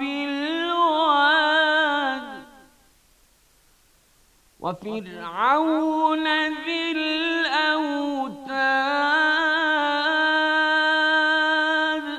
بالواد وفرعون ذي الأوتاد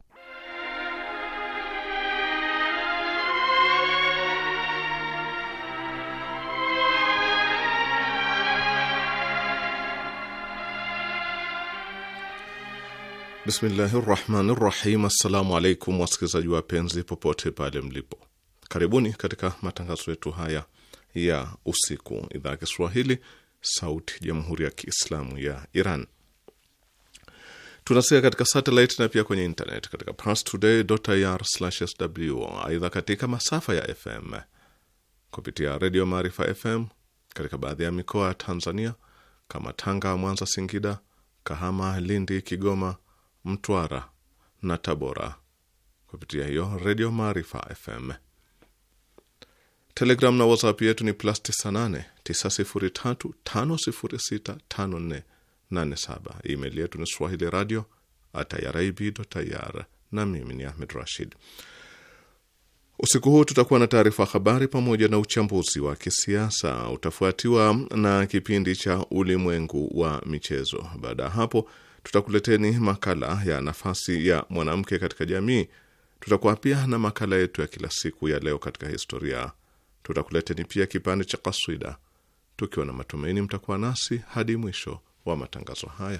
Bismillahi rahmani rahim. Assalamu alaikum wasikilizaji wapenzi popote pale mlipo, karibuni katika matangazo yetu haya ya usiku, idhaa ya Kiswahili sauti jamhuri ya Kiislamu ya Iran. Tunasikia katika satelit na pia kwenye internet katika parstoday.ir/sw. Aidha, katika masafa ya FM kupitia redio Maarifa FM katika baadhi ya mikoa ya Tanzania kama Tanga, Mwanza, Singida, Kahama, Lindi, Kigoma Mtwara na Tabora kupitia hiyo Redio Maarifa FM. Telegram na WhatsApp yetu ni plus 98 9035065487. Email yetu ni swahili radio irib.ir, na mimi ni Ahmed Rashid. Usiku huu tutakuwa na taarifa habari pamoja na uchambuzi wa kisiasa, utafuatiwa na kipindi cha ulimwengu wa michezo. Baada ya hapo Tutakuleteni makala ya nafasi ya mwanamke katika jamii. Tutakuwa pia na makala yetu ya kila siku ya leo katika historia. Tutakuleteni pia kipande cha kaswida, tukiwa na matumaini mtakuwa nasi hadi mwisho wa matangazo haya.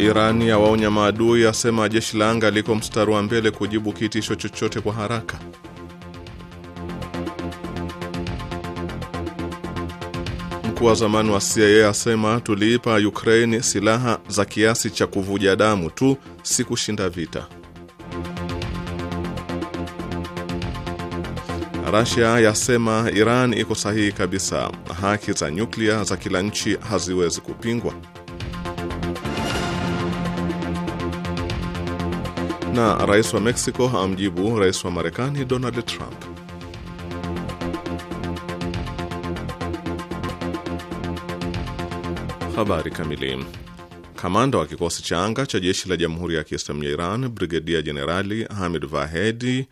Iran yawaonya maadui, asema jeshi la anga liko mstari wa mbele kujibu kitisho chochote kwa haraka. Mkuu wa zamani wa CIA asema tuliipa Ukraine silaha za kiasi cha kuvuja damu tu, si kushinda vita. Rasia yasema Iran iko sahihi kabisa, haki za nyuklia za kila nchi haziwezi kupingwa. na rais wa Mexico amjibu rais wa Marekani Donald Trump. Habari kamili. Kamanda wa kikosi cha anga cha jeshi la Jamhuri ya Kiislamu ya Iran, Brigedia Jenerali Hamid Vahedi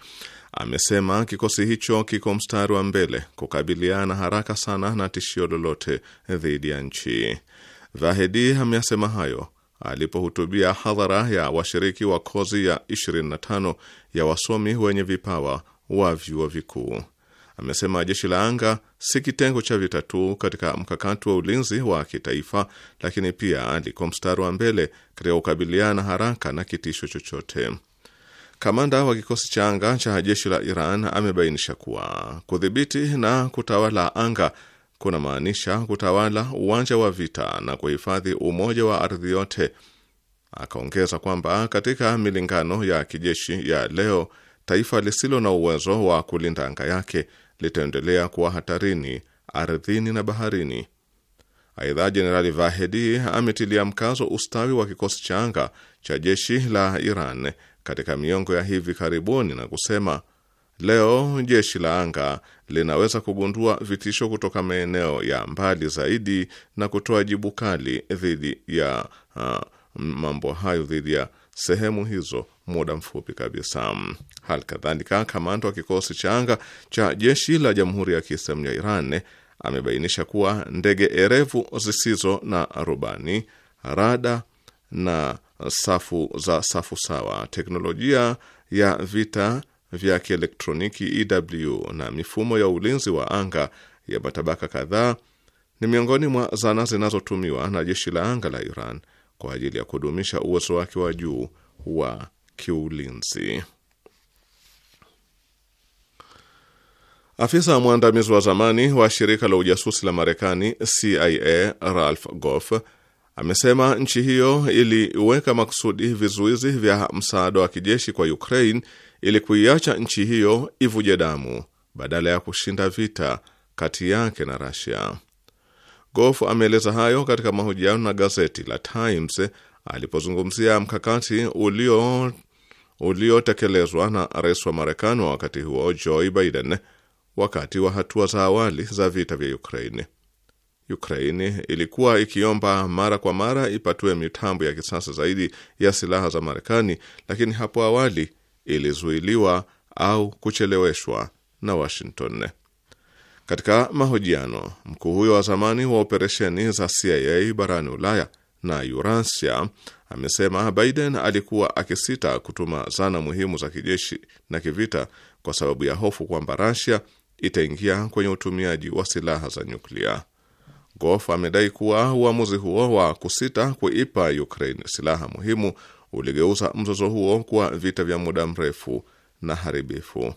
amesema kikosi hicho kiko mstari wa mbele kukabiliana haraka sana na tishio lolote dhidi ya nchi. Vahedi ameyasema hayo alipohutubia hadhara ya washiriki wa kozi ya 25 ya wasomi wenye vipawa wa vyuo vikuu. Amesema jeshi la anga si kitengo cha vita tu katika mkakati wa ulinzi wa kitaifa, lakini pia liko mstari wa mbele katika kukabiliana haraka na kitisho chochote. Kamanda wa kikosi cha anga cha jeshi la Iran amebainisha kuwa kudhibiti na kutawala anga kuna maanisha kutawala uwanja wa vita na kuhifadhi umoja wa ardhi yote. Akaongeza kwamba katika milingano ya kijeshi ya leo, taifa lisilo na uwezo wa kulinda anga yake litaendelea kuwa hatarini ardhini na baharini. Aidha, Jenerali Vahedi ametilia mkazo ustawi wa kikosi cha anga cha jeshi la Iran katika miongo ya hivi karibuni na kusema Leo jeshi la anga linaweza kugundua vitisho kutoka maeneo ya mbali zaidi na kutoa jibu kali dhidi ya uh, mambo hayo dhidi ya sehemu hizo muda mfupi kabisa. Hali kadhalika kamanda wa kikosi cha anga cha jeshi la Jamhuri ya Kiislamu ya Iran amebainisha kuwa ndege erevu zisizo na rubani, rada na safu za safu sawa, teknolojia ya vita vya kielektroniki EW na mifumo ya ulinzi wa anga ya matabaka kadhaa ni miongoni mwa zana zinazotumiwa na jeshi la anga la Iran kwa ajili ya kudumisha uwezo wake wa juu wa kiulinzi. Afisa mwandamizi wa zamani wa shirika la ujasusi la Marekani CIA Ralph Goff amesema nchi hiyo iliweka makusudi vizuizi vya msaada wa kijeshi kwa Ukraine ili kuiacha nchi hiyo ivuje damu badala ya kushinda vita kati yake na Russia. Goff ameeleza hayo katika mahojiano na gazeti la Times alipozungumzia mkakati ulio uliotekelezwa na rais wa Marekani wa wakati huo Joe Biden wakati wa hatua za awali za vita vya Ukraine. Ukraine ilikuwa ikiomba mara kwa mara ipatiwe mitambo ya kisasa zaidi ya silaha za Marekani, lakini hapo awali ilizuiliwa au kucheleweshwa na Washington. Katika mahojiano, mkuu huyo wa zamani wa operesheni za CIA barani Ulaya na Eurasia amesema Biden alikuwa akisita kutuma zana muhimu za kijeshi na kivita kwa sababu ya hofu kwamba Russia itaingia kwenye utumiaji wa silaha za nyuklia. Goff amedai kuwa uamuzi huo wa kusita kuipa Ukraine silaha muhimu uligeuza mzozo huo kuwa vita vya muda mrefu na haribifu.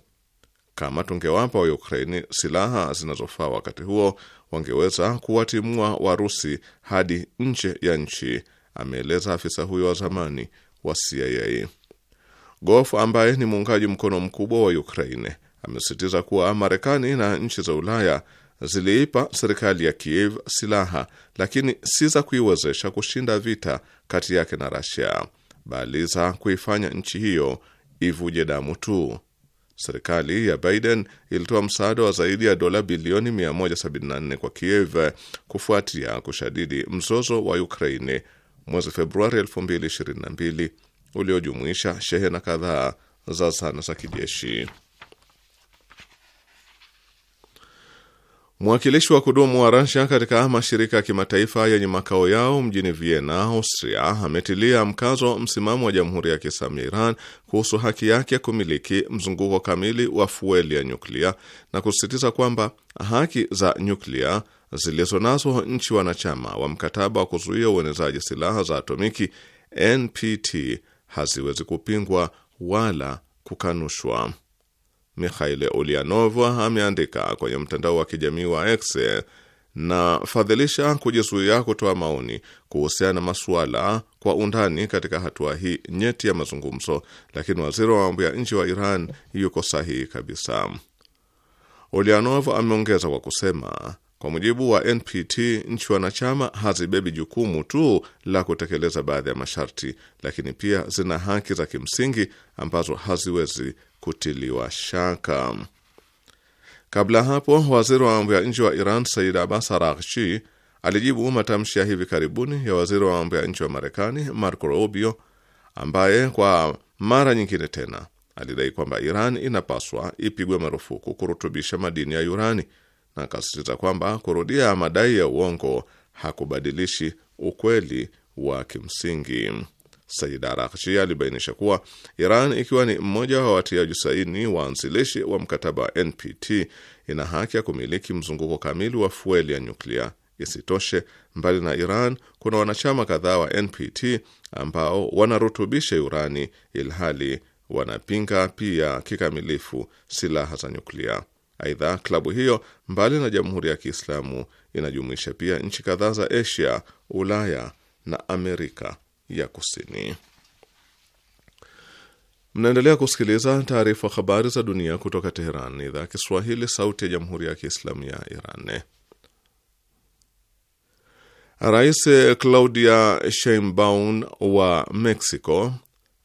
Kama tungewapa wa Ukraini silaha zinazofaa wakati huo, wangeweza kuwatimua Warusi hadi nje ya nchi, ameeleza afisa huyo wa zamani wa CIA. Goff ambaye ni muungaji mkono mkubwa wa Ukraine amesisitiza kuwa Marekani na nchi za Ulaya ziliipa serikali ya Kiev silaha, lakini si za kuiwezesha kushinda vita kati yake na Rasia, bali za kuifanya nchi hiyo ivuje damu tu. Serikali ya Biden ilitoa msaada wa zaidi ya dola bilioni 174 kwa Kiev kufuatia kushadidi mzozo wa Ukraini mwezi Februari 2022 uliojumuisha shehena kadhaa za zana za kijeshi. Mwakilishi wa kudumu wa Rasia katika mashirika ya kimataifa yenye makao yao mjini Vienna, Austria, ametilia mkazo msimamo wa Jamhuri ya Kiislamu ya Iran kuhusu haki yake ya kumiliki mzunguko kamili wa fueli ya nyuklia na kusisitiza kwamba haki za nyuklia zilizo nazo nchi wanachama wa mkataba wa kuzuia uenezaji silaha za atomiki NPT haziwezi kupingwa wala kukanushwa. Mikhail Ulianov ameandika kwenye mtandao wa kijamii wa X na fadhilisha kujizuia kutoa maoni kuhusiana na masuala kwa undani katika hatua hii nyeti ya mazungumzo, lakini waziri wa mambo ya nje wa Iran yuko sahihi kabisa. Ulianov ameongeza kwa kusema kwa mujibu wa NPT, nchi wanachama hazibebi jukumu tu la kutekeleza baadhi ya masharti, lakini pia zina haki za kimsingi ambazo haziwezi kutiliwa shaka. Kabla hapo, waziri wa mambo ya nje wa Iran Said Abbas Araghchi alijibu matamshi ya hivi karibuni ya waziri wa mambo ya nje wa Marekani Marco Rubio, ambaye kwa mara nyingine tena alidai kwamba Iran inapaswa ipigwe marufuku kurutubisha madini ya urani, na akasisitiza kwamba kurudia madai ya uongo hakubadilishi ukweli wa kimsingi. Said Arakchi alibainisha kuwa Iran ikiwa ni mmoja wa watiaji saini waanzilishi wa mkataba wa NPT ina haki ya kumiliki mzunguko kamili wa fueli ya nyuklia. Isitoshe, mbali na Iran kuna wanachama kadhaa wa NPT ambao wanarutubisha urani ilhali wanapinga pia kikamilifu silaha za nyuklia. Aidha, klabu hiyo mbali na Jamhuri ya Kiislamu inajumuisha pia nchi kadhaa za Asia, Ulaya na Amerika ya Kusini. Mnaendelea kusikiliza taarifa habari za dunia kutoka Teheran, idhaa Kiswahili, sauti ya jamhuri ya kiislamu ya Iran. Rais Claudia Sheinbaum wa Mexico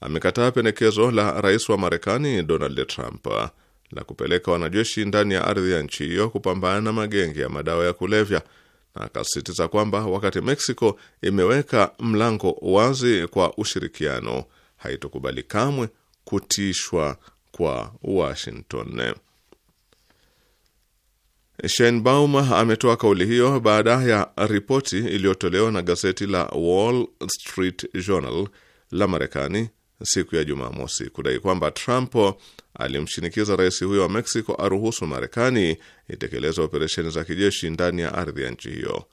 amekataa pendekezo la rais wa Marekani Donald Trump la kupeleka wanajeshi ndani ya ardhi ya nchi hiyo kupambana na magenge ya madawa ya kulevya na akasisitiza kwamba wakati Mexico imeweka mlango wazi kwa ushirikiano, haitokubali kamwe kutishwa kwa Washington. Sheinbaum ametoa kauli hiyo baada ya ripoti iliyotolewa na gazeti la Wall Street Journal la Marekani siku ya Jumamosi kudai kwamba Trump alimshinikiza rais huyo wa Mexico aruhusu Marekani itekeleze operesheni za kijeshi ndani ya ardhi ya nchi hiyo.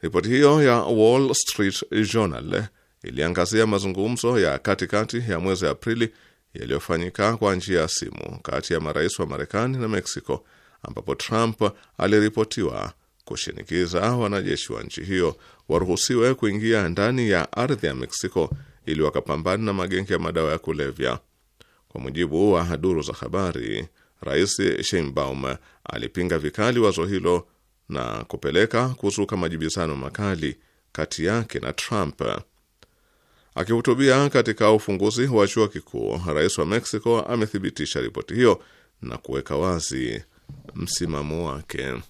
Ripoti hiyo ya Wall Street Journal iliangazia mazungumzo ya katikati ya mwezi Aprili yaliyofanyika kwa njia ya simu kati ya marais wa Marekani na Mexico, ambapo Trump aliripotiwa kushinikiza wanajeshi wa nchi hiyo waruhusiwe kuingia ndani ya ardhi ya Mexico ili wakapambana na magenge ya madawa ya kulevya. Kwa mujibu wa duru za habari, Rais Sheinbaum alipinga vikali wazo hilo na kupeleka kuzuka majibizano makali kati yake na Trump. Akihutubia katika ufunguzi wa chuo kikuu, rais wa Mexico amethibitisha ripoti hiyo na kuweka wazi msimamo wake.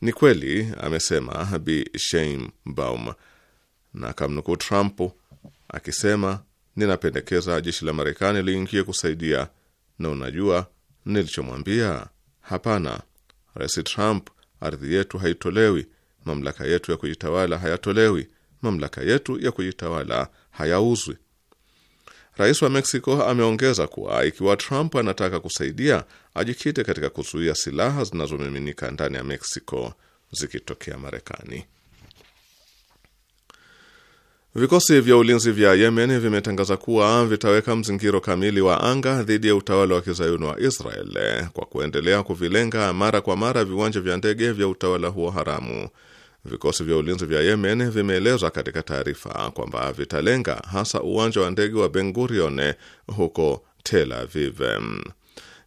Ni kweli, amesema Bi Sheinbaum, na akamnukuu Trump akisema ninapendekeza jeshi la Marekani liingie kusaidia, na unajua nilichomwambia? Hapana, Rais Trump, ardhi yetu haitolewi, mamlaka yetu ya kujitawala hayatolewi, mamlaka yetu ya kujitawala hayauzwi. Rais wa Mexico ameongeza kuwa ikiwa Trump anataka kusaidia, ajikite katika kuzuia silaha zinazomiminika ndani ya Mexico zikitokea Marekani. Vikosi vya ulinzi vya Yemen vimetangaza kuwa vitaweka mzingiro kamili wa anga dhidi ya utawala wa kizayuni wa Israel kwa kuendelea kuvilenga mara kwa mara viwanja vya ndege vya utawala huo haramu. Vikosi vya ulinzi vya Yemen vimeelezwa katika taarifa kwamba vitalenga hasa uwanja wa ndege wa Ben Gurion huko Tel Aviv.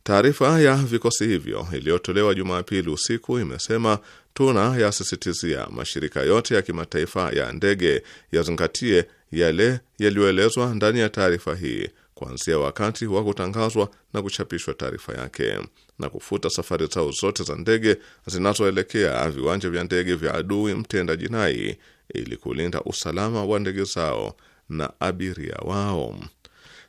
Taarifa ya vikosi hivyo iliyotolewa Jumapili usiku imesema tuna yasisitizia mashirika yote ya kimataifa ya ndege yazingatie yale yaliyoelezwa ndani ya taarifa hii kuanzia wakati wa kutangazwa na kuchapishwa taarifa yake na kufuta safari zao zote za ndege zinazoelekea viwanja vya ndege vya adui mtenda jinai ili kulinda usalama wa ndege zao na abiria wao.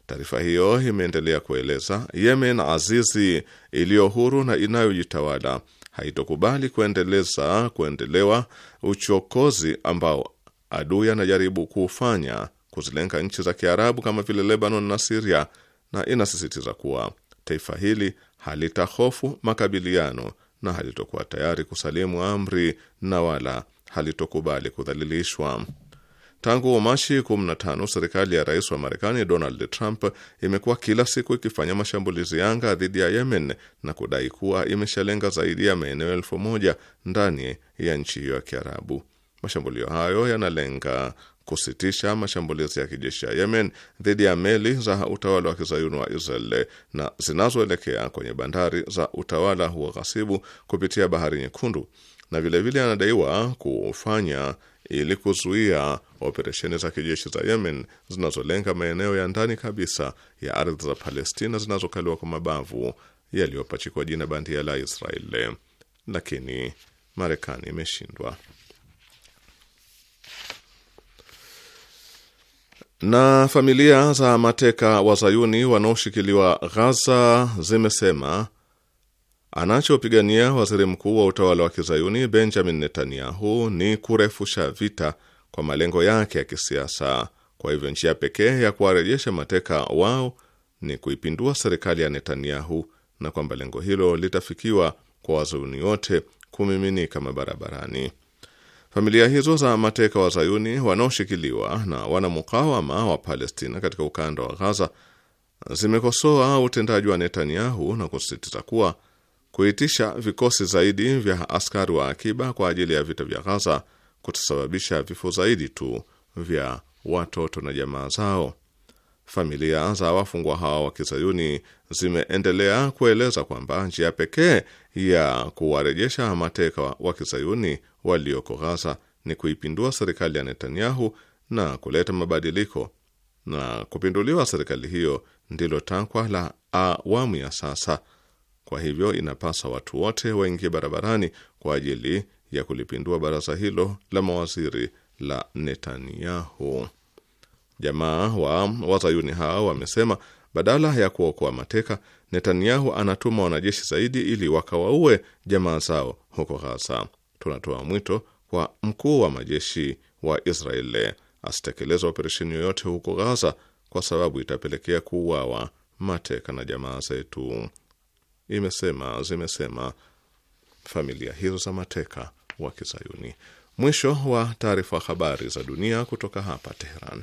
Taarifa hiyo imeendelea kueleza, Yemen azizi iliyo huru na inayojitawala haitokubali kuendeleza kuendelewa uchokozi ambao adui anajaribu kuufanya kuzilenga nchi za Kiarabu kama vile Lebanon na siria na inasisitiza kuwa taifa hili halitahofu makabiliano na halitokuwa tayari kusalimu amri na wala halitokubali kudhalilishwa. Tangu Machi 15 serikali ya rais wa Marekani Donald Trump imekuwa kila siku ikifanya mashambulizi yanga dhidi ya Yemen na kudai kuwa imeshalenga zaidi ya maeneo elfu moja ndani ya nchi hiyo ya Kiarabu. Mashambulio hayo yanalenga kusitisha mashambulizi ya kijeshi ya Yemen dhidi ya meli za utawala wa kizayuni wa Israel na zinazoelekea kwenye bandari za utawala huo ghasibu kupitia Bahari Nyekundu, na vilevile anadaiwa kufanya ili kuzuia Operesheni za kijeshi za Yemen zinazolenga maeneo ya ndani kabisa ya ardhi za Palestina zinazokaliwa kwa mabavu yaliyopachikwa jina bandia la Israeli, lakini Marekani imeshindwa. Na familia za mateka wazayuni wanaoshikiliwa Ghaza zimesema anachopigania waziri mkuu wa utawala wa kizayuni Benjamin Netanyahu ni kurefusha vita kwa malengo yake ya kisiasa. Kwa hivyo njia pekee ya kuwarejesha mateka wao ni kuipindua serikali ya Netanyahu, na kwamba lengo hilo litafikiwa kwa wazayuni wote kumiminika mabarabarani. Familia hizo za mateka wa zayuni wanaoshikiliwa na wanamukawama wa Palestina katika ukanda wa Ghaza zimekosoa utendaji wa Netanyahu na kusisitiza kuwa kuitisha vikosi zaidi vya askari wa akiba kwa ajili ya vita vya Ghaza kutasababisha vifo zaidi tu vya watoto na jamaa zao. Familia za wafungwa hao wa kizayuni zimeendelea kueleza kwamba njia pekee ya kuwarejesha mateka wa kizayuni walioko Ghaza ni kuipindua serikali ya Netanyahu na kuleta mabadiliko, na kupinduliwa serikali hiyo ndilo takwa la awamu ya sasa. Kwa hivyo inapasa watu wote waingie barabarani kwa ajili ya kulipindua baraza hilo la mawaziri la Netanyahu. Jamaa wa wazayuni hao wamesema badala ya kuokoa mateka, Netanyahu anatuma wanajeshi zaidi ili wakawaue jamaa zao huko Ghaza. Tunatoa mwito kwa mkuu wa majeshi wa Israeli asitekeleza operesheni yoyote huko Ghaza kwa sababu itapelekea kuuawa mateka na jamaa zetu, imesema zimesema familia hizo za mateka wa Kizayuni. Mwisho wa taarifa. Habari za dunia kutoka hapa Teheran.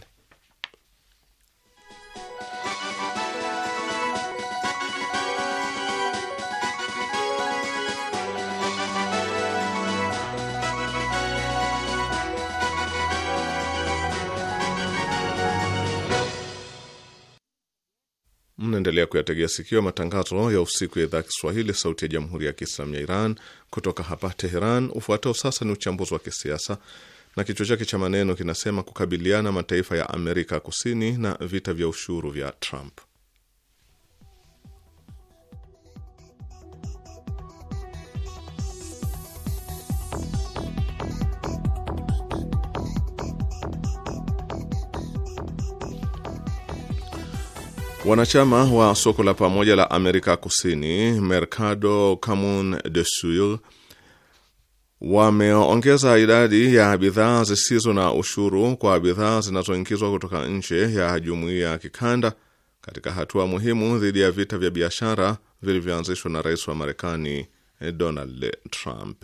Mnaendelea kuyategea sikio matangazo ya usiku ya idhaa Kiswahili sauti ya jamhuri ya kiislamu ya Iran kutoka hapa Teheran. Ufuatao sasa ni uchambuzi wa kisiasa na kichwa chake cha maneno kinasema kukabiliana mataifa ya Amerika Kusini na vita vya ushuru vya Trump. Wanachama wa soko la pamoja la Amerika Kusini, Mercado Común de Sur, wameongeza idadi ya bidhaa zisizo na ushuru kwa bidhaa zinazoingizwa kutoka nje ya jumuiya ya kikanda katika hatua muhimu dhidi ya vita vya biashara vilivyoanzishwa na rais wa Marekani Donald Trump.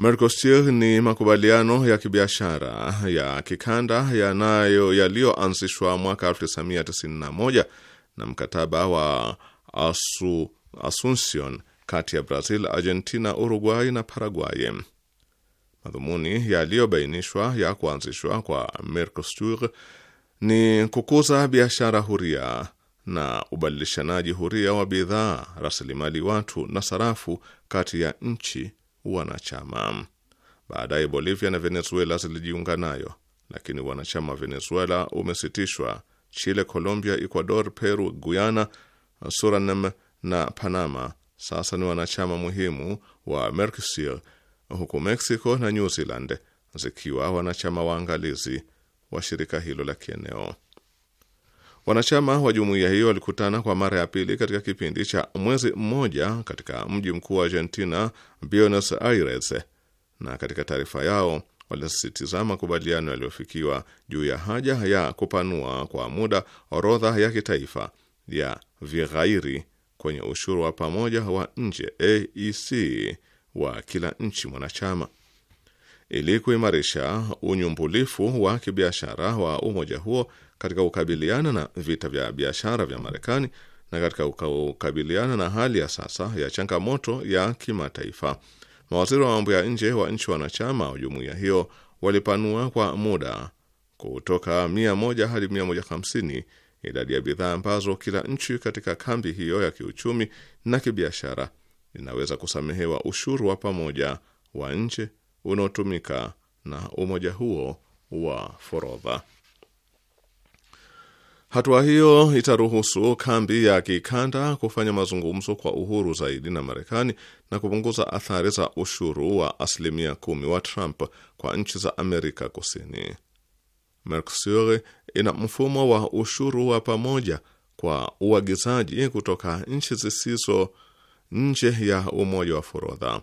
Mercosur ni makubaliano ya kibiashara ya kikanda yanayo yaliyoanzishwa mwaka 1991 na mkataba wa Asu, Asuncion kati ya Brazil, Argentina, Uruguay na Paraguay. Madhumuni yaliyobainishwa ya kuanzishwa kwa Mercosur ni kukuza biashara huria na ubadilishanaji huria wa bidhaa, rasilimali watu na sarafu kati ya nchi wanachama. Baadaye Bolivia na Venezuela zilijiunga nayo, lakini wanachama wa Venezuela umesitishwa. Chile, Colombia, Ecuador, Peru, Guyana, Suriname na Panama sasa ni wanachama muhimu wa Mercosur, huku Mexico na New Zealand zikiwa wanachama waangalizi wa shirika hilo la kieneo. Wanachama wa jumuiya hiyo walikutana kwa mara ya pili katika kipindi cha mwezi mmoja katika mji mkuu wa Argentina, Buenos Aires, na katika taarifa yao walisisitiza makubaliano yaliyofikiwa juu ya haja ya kupanua kwa muda orodha ya kitaifa ya vighairi kwenye ushuru wa pamoja wa nje AEC wa kila nchi mwanachama ili kuimarisha unyumbulifu wa kibiashara wa umoja huo katika kukabiliana na vita vya biashara vya Marekani na katika kukabiliana na hali ya sasa ya changamoto ya kimataifa. Mawaziri wa mambo ya nje wa nchi wanachama wa jumuiya hiyo walipanua kwa muda kutoka 100 hadi 150 idadi ya bidhaa ambazo kila nchi katika kambi hiyo ya kiuchumi na kibiashara inaweza kusamehewa ushuru wa pamoja wa nje unaotumika na umoja huo wa forodha. Hatua hiyo itaruhusu kambi ya kikanda kufanya mazungumzo kwa uhuru zaidi na Marekani na kupunguza athari za ushuru wa asilimia kumi wa Trump kwa nchi za Amerika Kusini. Mercosur ina mfumo wa ushuru wa pamoja kwa uagizaji kutoka nchi zisizo nje ya umoja wa forodha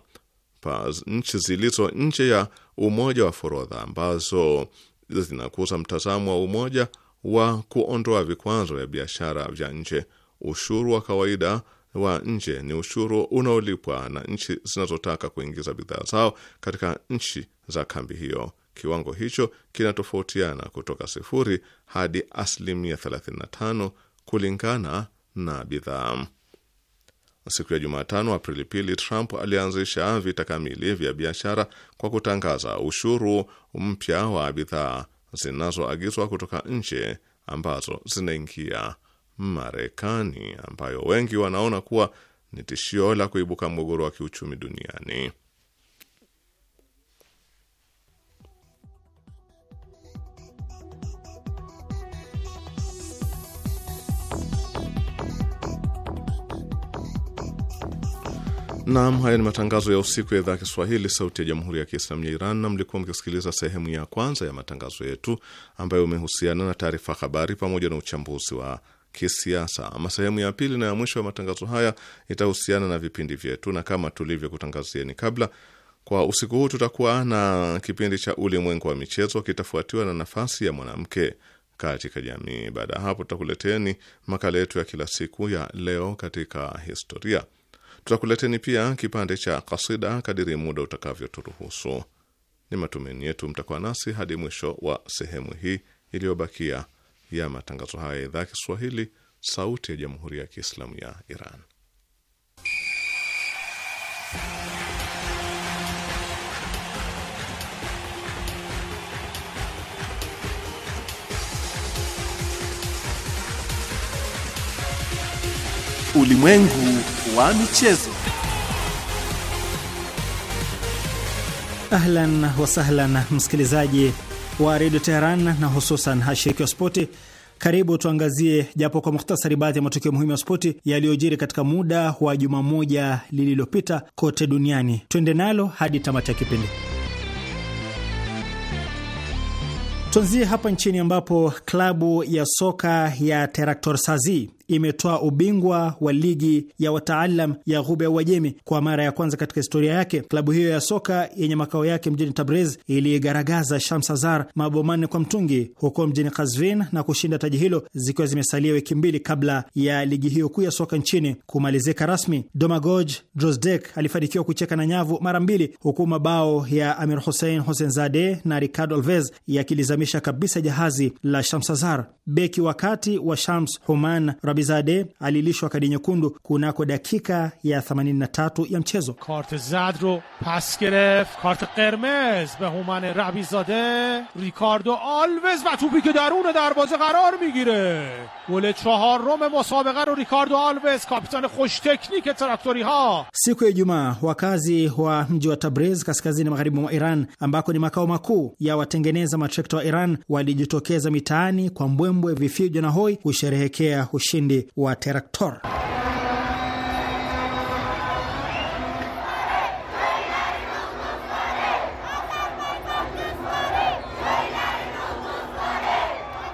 pa nchi zilizo nje ya umoja wa forodha ambazo zinakuza mtazamo wa umoja wa kuondoa vikwazo vya biashara vya nje. Ushuru wa kawaida wa nje ni ushuru unaolipwa na nchi zinazotaka kuingiza bidhaa zao katika nchi za kambi hiyo. Kiwango hicho kinatofautiana kutoka sifuri hadi asilimia 35 kulingana na bidhaa. Siku ya Jumatano, Aprili pili, Trump alianzisha vita kamili vya biashara kwa kutangaza ushuru mpya wa bidhaa zinazoagizwa kutoka nje ambazo zinaingia Marekani, ambayo wengi wanaona kuwa ni tishio la kuibuka mgogoro wa kiuchumi duniani. Naam, haya ni matangazo ya usiku ya idhaa ya Kiswahili, sauti ya jamhuri ya kiislamu ya Iran, na mlikuwa mkisikiliza sehemu ya kwanza ya matangazo yetu ambayo umehusiana na taarifa habari pamoja na uchambuzi wa kisiasa. Ama sehemu ya pili na ya mwisho ya matangazo haya itahusiana na vipindi vyetu, na kama tulivyokutangazieni kabla, kwa usiku huu tutakuwa na kipindi cha ulimwengu wa michezo, kitafuatiwa na nafasi ya mwanamke katika jamii. Baada ya hapo, tutakuleteni makala yetu ya kila siku ya leo katika historia Tutakuleteni pia kipande cha kasida kadiri muda utakavyoturuhusu. Ni matumaini yetu mtakuwa nasi hadi mwisho wa sehemu hii iliyobakia ya matangazo haya ya idhaa Kiswahili, Sauti ya Jamhuri ya Kiislamu ya Iran. Ulimwengu wa michezo. Ahlan wasahlan, msikilizaji wa redio Teheran na hususan hashiriki wa spoti. Karibu tuangazie japo kwa muhtasari baadhi ya matukio muhimu ya spoti yaliyojiri katika muda wa juma moja lililopita kote duniani. Twende nalo hadi tamati ya kipindi. Tuanzie hapa nchini ambapo klabu ya soka ya Teraktor Sazi imetoa ubingwa wa ligi ya wataalam ya Ghuba ya Uajemi kwa mara ya kwanza katika historia yake. Klabu hiyo ya soka yenye makao yake mjini Tabriz iliigaragaza Shams Azar mabao manne kwa mtungi huko mjini Kazvin na kushinda taji hilo zikiwa zimesalia wiki mbili kabla ya ligi hiyo kuu ya soka nchini kumalizika rasmi. Domagoj Drozdek alifanikiwa kucheka na nyavu mara mbili huku mabao ya Amir Hussein Hussein Zade na Ricardo Alves yakilizamisha kabisa jahazi la Shamsazar. Beki wakati wa Shams Human Karbizade alilishwa kadi nyekundu kunako dakika ya 83 ya mchezo. kart zad ro pas gereft kart qermez be human rabizade ricardo alves va tupi ke darun darvaze qarar migire gol chaharm e musabaqa ro ricardo alves kapitan khosh teknik e traktori ha. Siku ya Ijumaa wakazi wa mji wa Tabriz kaskazini magharibi mwa Iran ambako ni makao makuu ya watengeneza matrekta wa Iran walijitokeza mitaani kwa mbwembwe, vifijo na hoi kusherehekea ushindi ushindi wa Teraktor.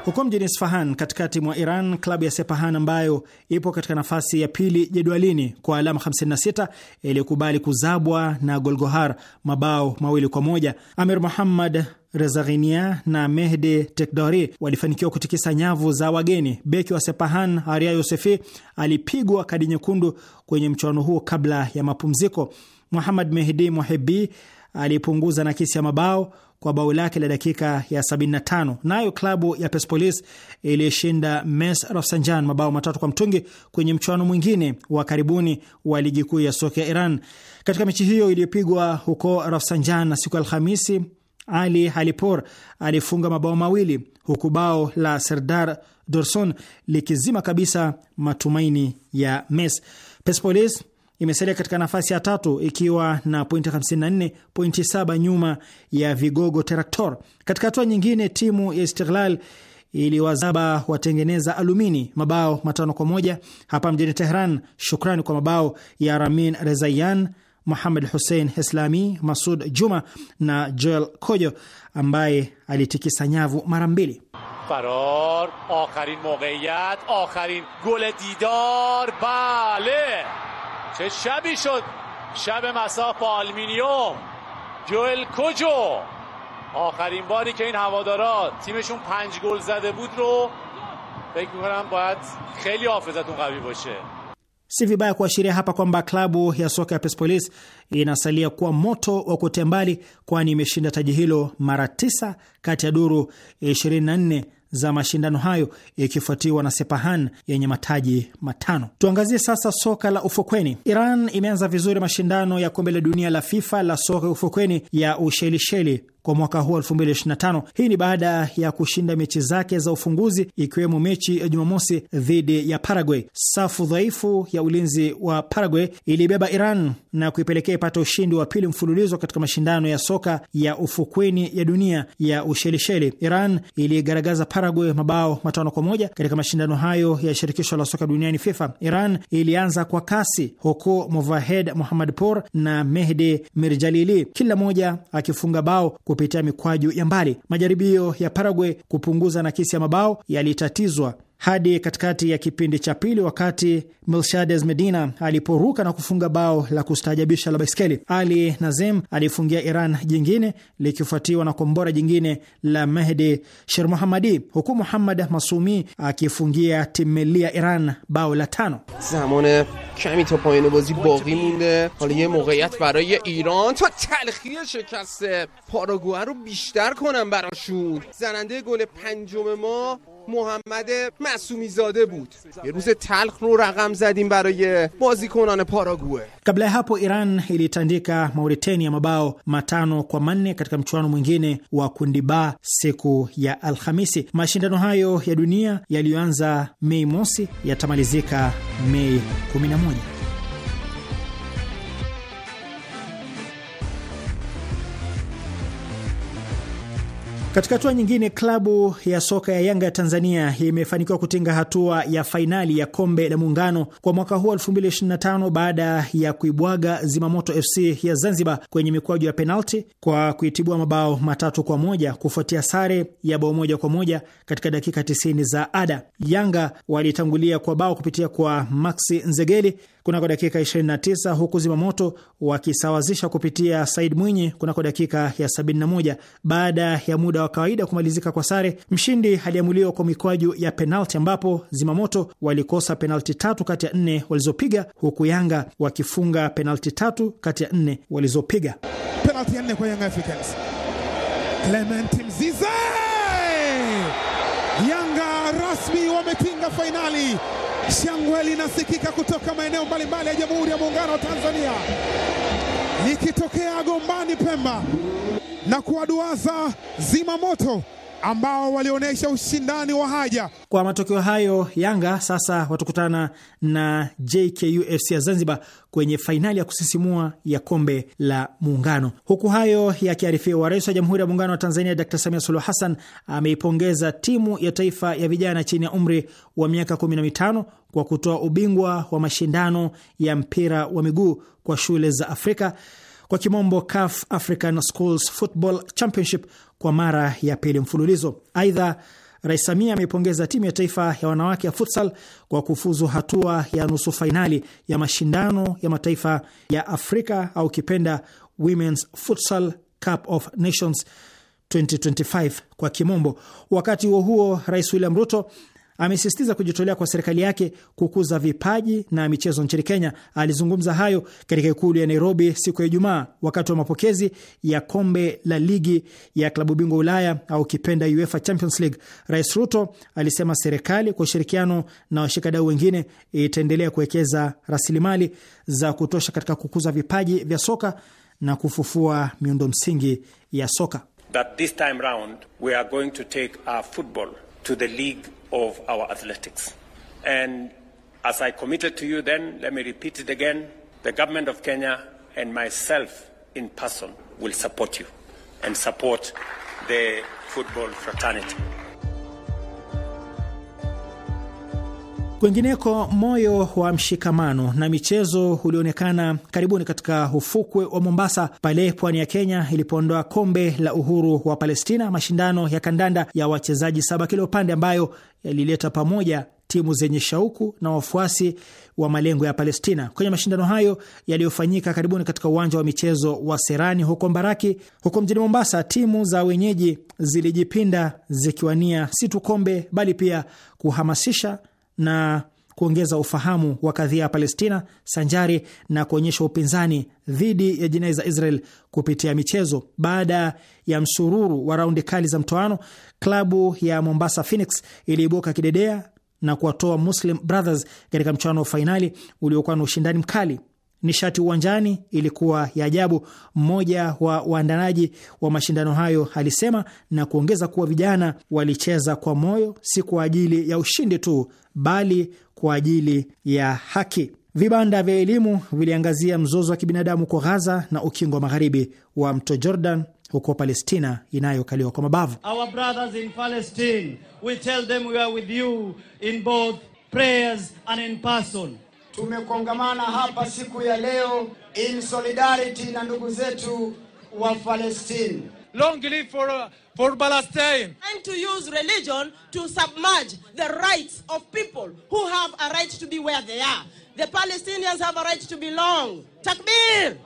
Huko mjini Isfahan katikati mwa Iran, klabu ya Sepahan ambayo ipo katika nafasi ya pili jedwalini kwa alama 56 iliyokubali kuzabwa na Golgohar mabao mawili kwa moja. Amir Muhammad Rezaghinia na Mehdi tekdori walifanikiwa kutikisa nyavu za wageni. Beki wa Sepahan Aria Yosefi alipigwa kadi nyekundu kwenye mchuano huo kabla ya mapumziko. Muhammad Mehdi Mohebi alipunguza nakisi ya mabao kwa bao lake la dakika ya 75. Nayo klabu ya Persepolis iliyeshinda Mes Rafsanjan mabao matatu kwa mtungi kwenye mchuano mwingine wa karibuni wa ligi kuu ya soka ya Iran. Katika mechi hiyo iliyopigwa huko Rafsanjan na siku ya Alhamisi, Ali Halipor alifunga mabao mawili huku bao la Serdar Dorson likizima kabisa matumaini ya Mes. Persepolis imesalia katika nafasi ya tatu ikiwa na pointi 54, pointi 7 nyuma ya vigogo Teraktor. Katika hatua nyingine, timu ya Istiklal iliwazaba watengeneza alumini mabao matano kwa moja hapa mjini Tehran, shukrani kwa mabao ya Ramin Rezaian, Muhamed Hussein Islami, Masud Juma na Joel Kojo ambaye alitikisa nyavu mara mbili. farar akharin mogeiyat akharin gol e didar bale چه شبی شد شب مساف آلمینیوم جوئل کجو آخرین باری که این هوادارا تیمشون پنج گل زده بود رو فکر میکنم باید خیلی حافظتون قوی باشه Si vibaya kuashiria hapa kwamba klabu ya soka ya Persepolis inasalia kuwa moto wa kutia mbali, kwani imeshinda taji hilo mara 9 kati ya duru 24 za mashindano hayo ikifuatiwa na Sepahan yenye mataji matano. Tuangazie sasa soka la ufukweni. Iran imeanza vizuri mashindano ya kombe la dunia la FIFA la soka ufukweni ya Ushelisheli kwa mwaka huu 2025. Hii ni baada ya kushinda mechi zake za ufunguzi ikiwemo mechi ya Jumamosi dhidi ya Paraguay. Safu dhaifu ya ulinzi wa Paraguay ilibeba Iran na kuipelekea ipata ushindi wa pili mfululizo katika mashindano ya soka ya ufukweni ya dunia ya Ushelisheli. Iran iligaragaza Paraguay mabao matano kwa moja katika mashindano hayo ya shirikisho la soka duniani FIFA. Iran ilianza kwa kasi huku Movahed muhamad Por na Mehdi Mirjalili kila moja akifunga bao kupitia mikwaju ya mbali. Majaribio ya Paraguay kupunguza nakisi ya mabao yalitatizwa hadi katikati ya kipindi cha pili, wakati Milshades Medina aliporuka na kufunga bao la kustaajabisha la baiskeli. Ali Nazim alifungia Iran jingine likifuatiwa na kombora jingine la Mehdi Shermuhamadi, huku Muhammad Masumi akifungia timelia Iran bao la tano. zamone kami to poyene bazi baqi munde hala ye moqeyat baraye Iran ta talkhie shekaste paraguay ro bishtar konam barashun zanande gol panjom ma محمد معصومی زاده بود یه روز تلخ رو رقم زدیم برای بازیکنان پاراگوه Kabla ya hapo Iran ilitandika Mauritania mabao matano kwa manne katika mchuano mwingine wa kundi ba siku ya Alhamisi. Mashindano hayo ya dunia yaliyoanza Mei mosi yatamalizika Mei 11. Katika hatua nyingine, klabu ya soka ya Yanga ya Tanzania imefanikiwa kutinga hatua ya fainali ya kombe la muungano kwa mwaka huu 2025 baada ya kuibwaga Zimamoto FC ya Zanzibar kwenye mikwaju ya penalti kwa kuitibua mabao matatu kwa moja kufuatia sare ya bao moja kwa moja katika dakika 90 za ada. Yanga walitangulia kwa bao kupitia kwa Maxi Nzegeli kunako dakika 29, huku zimamoto wakisawazisha kupitia Said Mwinyi kunako dakika ya 71. Baada ya muda wa kawaida kumalizika kwa sare, mshindi aliamuliwa kwa mikwaju ya penalti, ambapo zimamoto walikosa penalti tatu kati ya nne walizopiga, huku Yanga wakifunga penalti tatu kati ya nne walizopiga. Penalti ya nne kwa Young Africans, Clement Mzize. Yanga rasmi wametinga fainali Shangwe linasikika kutoka maeneo mbalimbali ya Jamhuri ya Muungano wa Tanzania likitokea Gombani Pemba na kuwaduaza zima moto ambao walionyesha ushindani wa haja. Kwa matokeo hayo, Yanga sasa watakutana na JKUFC ya Zanzibar kwenye fainali ya kusisimua ya kombe la Muungano. Huku hayo yakiarifiwa, Rais wa Jamhuri ya Muungano wa Tanzania Dr Samia Suluhu Hassan ameipongeza timu ya taifa ya vijana chini ya umri wa miaka 15 kwa kutoa ubingwa wa mashindano ya mpira wa miguu kwa shule za Afrika kwa kimombo CAF African Schools Football Championship kwa mara ya pili mfululizo. Aidha, Rais Samia ameipongeza timu ya taifa ya wanawake ya futsal kwa kufuzu hatua ya nusu fainali ya mashindano ya mataifa ya Afrika au kipenda Women's Futsal Cup of Nations 2025 kwa kimombo. Wakati huo huo, Rais William Ruto amesisitiza kujitolea kwa serikali yake kukuza vipaji na michezo nchini Kenya. Alizungumza hayo katika ikulu ya Nairobi siku ya Ijumaa wakati wa mapokezi ya kombe la ligi ya klabu bingwa Ulaya au kipenda UEFA Champions League. Rais Ruto alisema serikali kwa ushirikiano na washikadau wengine itaendelea kuwekeza rasilimali za kutosha katika kukuza vipaji vya soka na kufufua miundo msingi ya soka. That this time round we are going to take our football to the league of our athletics. And as I committed to you then, let me repeat it again, the government of Kenya and myself in person will support you and support the football fraternity. Kwengineko, moyo wa mshikamano na michezo ulionekana karibuni katika ufukwe wa Mombasa pale pwani ya Kenya ilipoondoa kombe la uhuru wa Palestina, mashindano ya kandanda ya wachezaji saba kila upande ambayo yalileta pamoja timu zenye shauku na wafuasi wa malengo ya Palestina kwenye mashindano hayo yaliyofanyika karibuni katika uwanja wa michezo wa Serani huko Mbaraki, huko mjini Mombasa. Timu za wenyeji zilijipinda zikiwania si tu kombe bali pia kuhamasisha na kuongeza ufahamu wa kadhia ya Palestina sanjari na kuonyesha upinzani dhidi ya jinai za Israel kupitia michezo. Baada ya msururu wa raundi kali za mtoano, klabu ya Mombasa Phoenix iliibuka kidedea na kuwatoa Muslim Brothers katika mchuano wa fainali uliokuwa na ushindani mkali. Nishati uwanjani ilikuwa ya ajabu, mmoja wa waandanaji wa mashindano hayo alisema, na kuongeza kuwa vijana walicheza kwa moyo, si kwa ajili ya ushindi tu, bali kwa ajili ya haki. Vibanda vya elimu viliangazia mzozo wa kibinadamu kwa Ghaza na ukingo wa magharibi wa mto Jordan huko Palestina inayokaliwa kwa mabavu. Our brothers in Palestine, we tell them we are with you in both prayers and in person. Tumekongamana hapa siku ya leo in solidarity na ndugu zetu wa Palestine. Long live for, uh, for Palestine. And to use religion to submerge the rights of people who have a right to be where they are. The Palestinians have a right to belong. Takbir!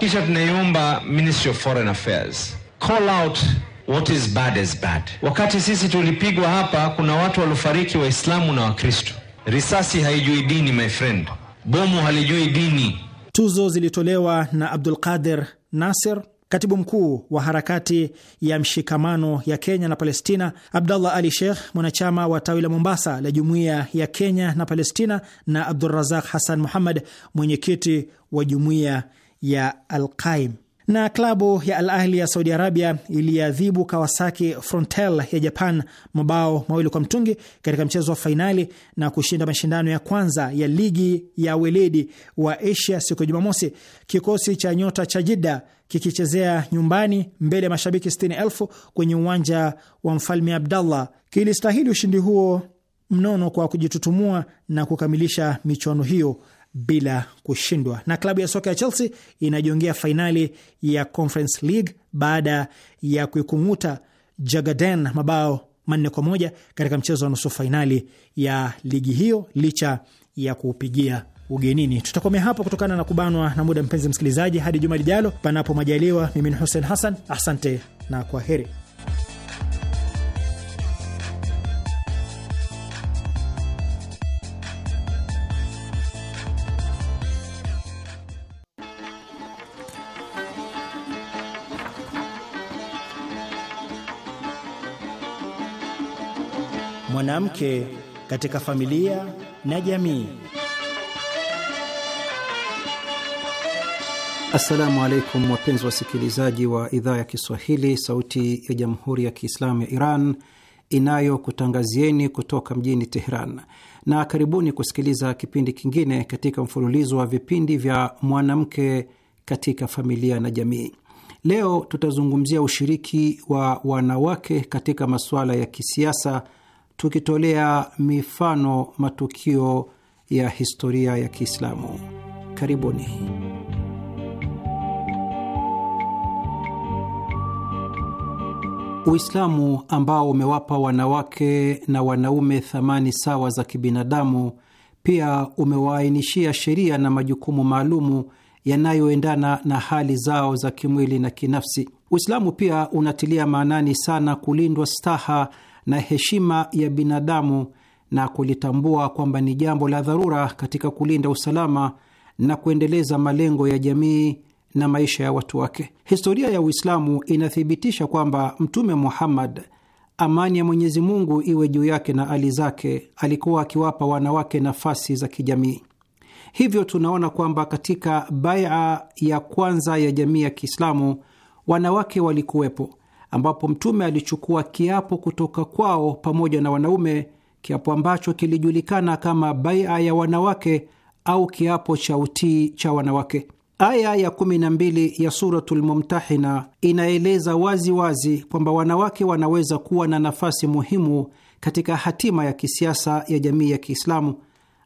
Kisha tunaiomba Ministry of Foreign Affairs call out what is bad is bad. Wakati sisi tulipigwa hapa, kuna watu waliofariki Waislamu na Wakristo. Risasi haijui dini, my friend. Bomu halijui dini. Tuzo zilitolewa na Abdul Qadir Nasser Katibu mkuu wa harakati ya mshikamano ya Kenya na Palestina, Abdallah Ali Sheikh, mwanachama wa tawi la Mombasa la jumuiya ya Kenya na Palestina, na Abdurazak Hassan Muhammad, mwenyekiti wa jumuiya ya Alqaim na klabu ya Al Ahli ya Saudi Arabia iliadhibu Kawasaki Frontale ya Japan mabao mawili kwa mtungi katika mchezo wa fainali na kushinda mashindano ya kwanza ya ligi ya weledi wa Asia siku ya Jumamosi. Kikosi cha nyota cha Jidda kikichezea nyumbani mbele ya mashabiki sitini elfu kwenye uwanja wa Mfalme Abdallah kilistahili ushindi huo mnono kwa kujitutumua na kukamilisha michuano hiyo bila kushindwa. Na klabu ya soka ya Chelsea inajiongea fainali ya Conference League baada ya kuikung'uta Jagaden mabao manne kwa moja katika mchezo wa nusu fainali ya ligi hiyo licha ya kuupigia ugenini. Tutakomea hapo kutokana na kubanwa na muda, mpenzi msikilizaji, hadi juma lijalo, panapo majaliwa. Mimi ni Hussein Hassan, asante na kwa heri. mwanamke katika familia na jamii. Assalamu alaikum wapenzi wasikilizaji wa idhaa ya Kiswahili, Sauti ya Jamhuri ya Kiislamu ya Iran inayokutangazieni kutoka mjini Teheran, na karibuni kusikiliza kipindi kingine katika mfululizo wa vipindi vya mwanamke katika familia na jamii. Leo tutazungumzia ushiriki wa wanawake katika masuala ya kisiasa tukitolea mifano matukio ya historia ya Kiislamu. Karibuni. Uislamu ambao umewapa wanawake na wanaume thamani sawa za kibinadamu pia umewaainishia sheria na majukumu maalumu yanayoendana na hali zao za kimwili na kinafsi. Uislamu pia unatilia maanani sana kulindwa staha na heshima ya binadamu na kulitambua kwamba ni jambo la dharura katika kulinda usalama na kuendeleza malengo ya jamii na maisha ya watu wake. Historia ya Uislamu inathibitisha kwamba Mtume Muhammad, amani ya Mwenyezi Mungu iwe juu yake na ali zake, alikuwa akiwapa wanawake nafasi za kijamii. Hivyo tunaona kwamba katika baia ya kwanza ya jamii ya Kiislamu wanawake walikuwepo ambapo Mtume alichukua kiapo kutoka kwao pamoja na wanaume, kiapo ambacho kilijulikana kama baia ya wanawake au kiapo cha utii cha wanawake. Aya ya 12 ya Suratul Mumtahina inaeleza wazi wazi kwamba wanawake wanaweza kuwa na nafasi muhimu katika hatima ya kisiasa ya jamii ya Kiislamu,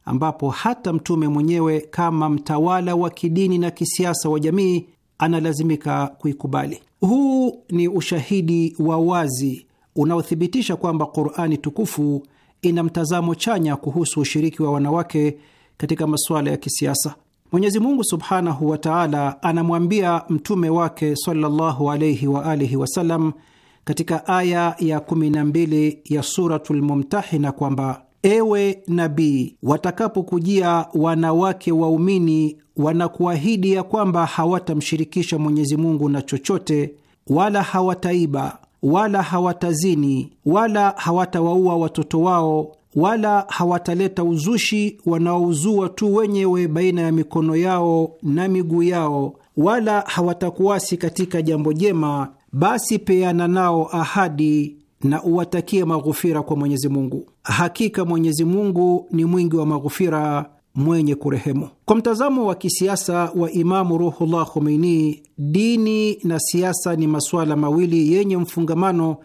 ambapo hata Mtume mwenyewe kama mtawala wa kidini na kisiasa wa jamii analazimika kuikubali. Huu ni ushahidi wa wazi unaothibitisha kwamba Qurani tukufu ina mtazamo chanya kuhusu ushiriki wa wanawake katika masuala ya kisiasa. Mwenyezi Mungu subhanahu wa taala anamwambia mtume wake sallallahu alaihi wa alihi wasallam katika aya ya 12 ya Suratul Mumtahina kwamba Ewe nabii, watakapokujia wanawake waumini wanakuahidi ya kwamba hawatamshirikisha Mwenyezi Mungu na chochote, wala hawataiba wala hawatazini wala hawatawaua watoto wao wala hawataleta uzushi wanaouzua tu wenyewe baina ya mikono yao na miguu yao, wala hawatakuasi katika jambo jema, basi peana nao ahadi na uwatakie maghufira kwa Mwenyezi Mungu. Hakika Mwenyezi Mungu ni mwingi wa maghufira, mwenye kurehemu. Kwa mtazamo wa kisiasa wa Imamu Ruhullah Khomeini, dini na siasa ni masuala mawili yenye mfungamano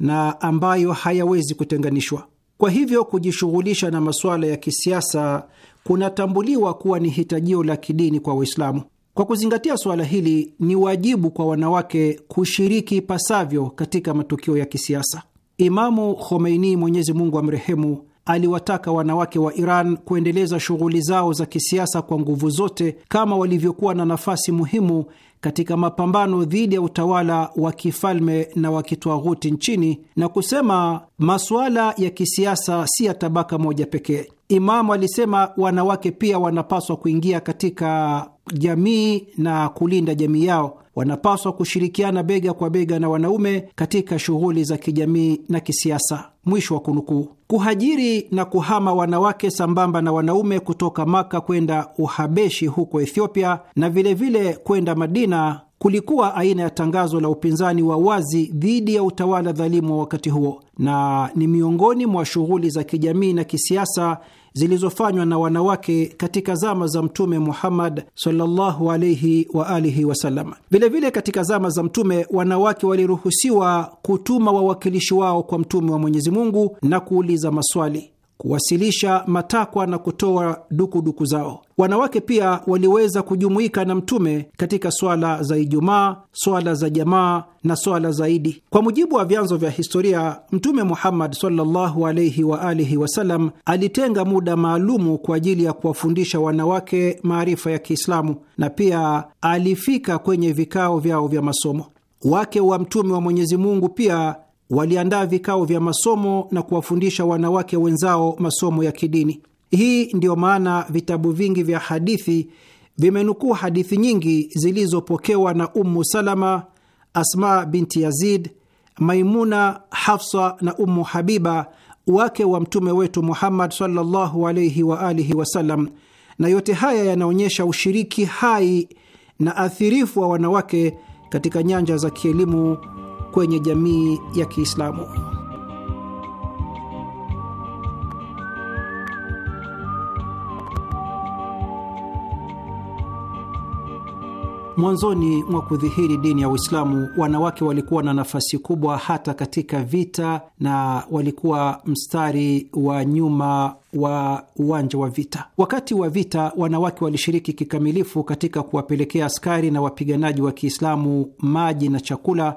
na ambayo hayawezi kutenganishwa. Kwa hivyo kujishughulisha na masuala ya kisiasa kunatambuliwa kuwa ni hitajio la kidini kwa Waislamu. Kwa kuzingatia suala hili, ni wajibu kwa wanawake kushiriki ipasavyo katika matukio ya kisiasa. Imamu Khomeini, Mwenyezi Mungu amrehemu, aliwataka wanawake wa Iran kuendeleza shughuli zao za kisiasa kwa nguvu zote, kama walivyokuwa na nafasi muhimu katika mapambano dhidi ya utawala wa kifalme na wa kitwaghuti nchini, na kusema masuala ya kisiasa si ya tabaka moja pekee Imamu alisema wanawake pia wanapaswa kuingia katika jamii na kulinda jamii yao. Wanapaswa kushirikiana bega kwa bega na wanaume katika shughuli za kijamii na kisiasa. Mwisho wa kunukuu. Kuhajiri na kuhama wanawake sambamba na wanaume kutoka Maka kwenda Uhabeshi huko Ethiopia na vilevile kwenda Madina kulikuwa aina ya tangazo la upinzani wa wazi dhidi ya utawala dhalimu wa wakati huo na ni miongoni mwa shughuli za kijamii na kisiasa zilizofanywa na wanawake katika zama za Mtume Muhammad sallallahu alaihi wa alihi wasallam. Vilevile katika zama za Mtume wanawake waliruhusiwa kutuma wawakilishi wao kwa Mtume wa Mwenyezi Mungu na kuuliza maswali kuwasilisha matakwa na kutoa dukuduku zao. Wanawake pia waliweza kujumuika na Mtume katika swala za Ijumaa, swala za jamaa na swala zaidi Kwa mujibu wa vyanzo vya historia, Mtume Muhammad sallallahu alaihi wa alihi wasallam alitenga muda maalumu kwa ajili ya kuwafundisha wanawake maarifa ya Kiislamu, na pia alifika kwenye vikao vyao vya masomo. Wake wa Mtume wa Mwenyezi Mungu pia waliandaa vikao vya masomo na kuwafundisha wanawake wenzao masomo ya kidini. Hii ndiyo maana vitabu vingi vya hadithi vimenukuu hadithi nyingi zilizopokewa na Ummu Salama, Asma binti Yazid, Maimuna, Hafsa na Ummu Habiba, wake wa Mtume wetu Muhammad sallallahu alaihi wa alihi wasallam, na yote haya yanaonyesha ushiriki hai na athirifu wa wanawake katika nyanja za kielimu kwenye jamii ya Kiislamu. Mwanzoni mwa kudhihiri dini ya Uislamu, wanawake walikuwa na nafasi kubwa hata katika vita na walikuwa mstari wa nyuma wa uwanja wa vita. Wakati wa vita, wanawake walishiriki kikamilifu katika kuwapelekea askari na wapiganaji wa Kiislamu maji na chakula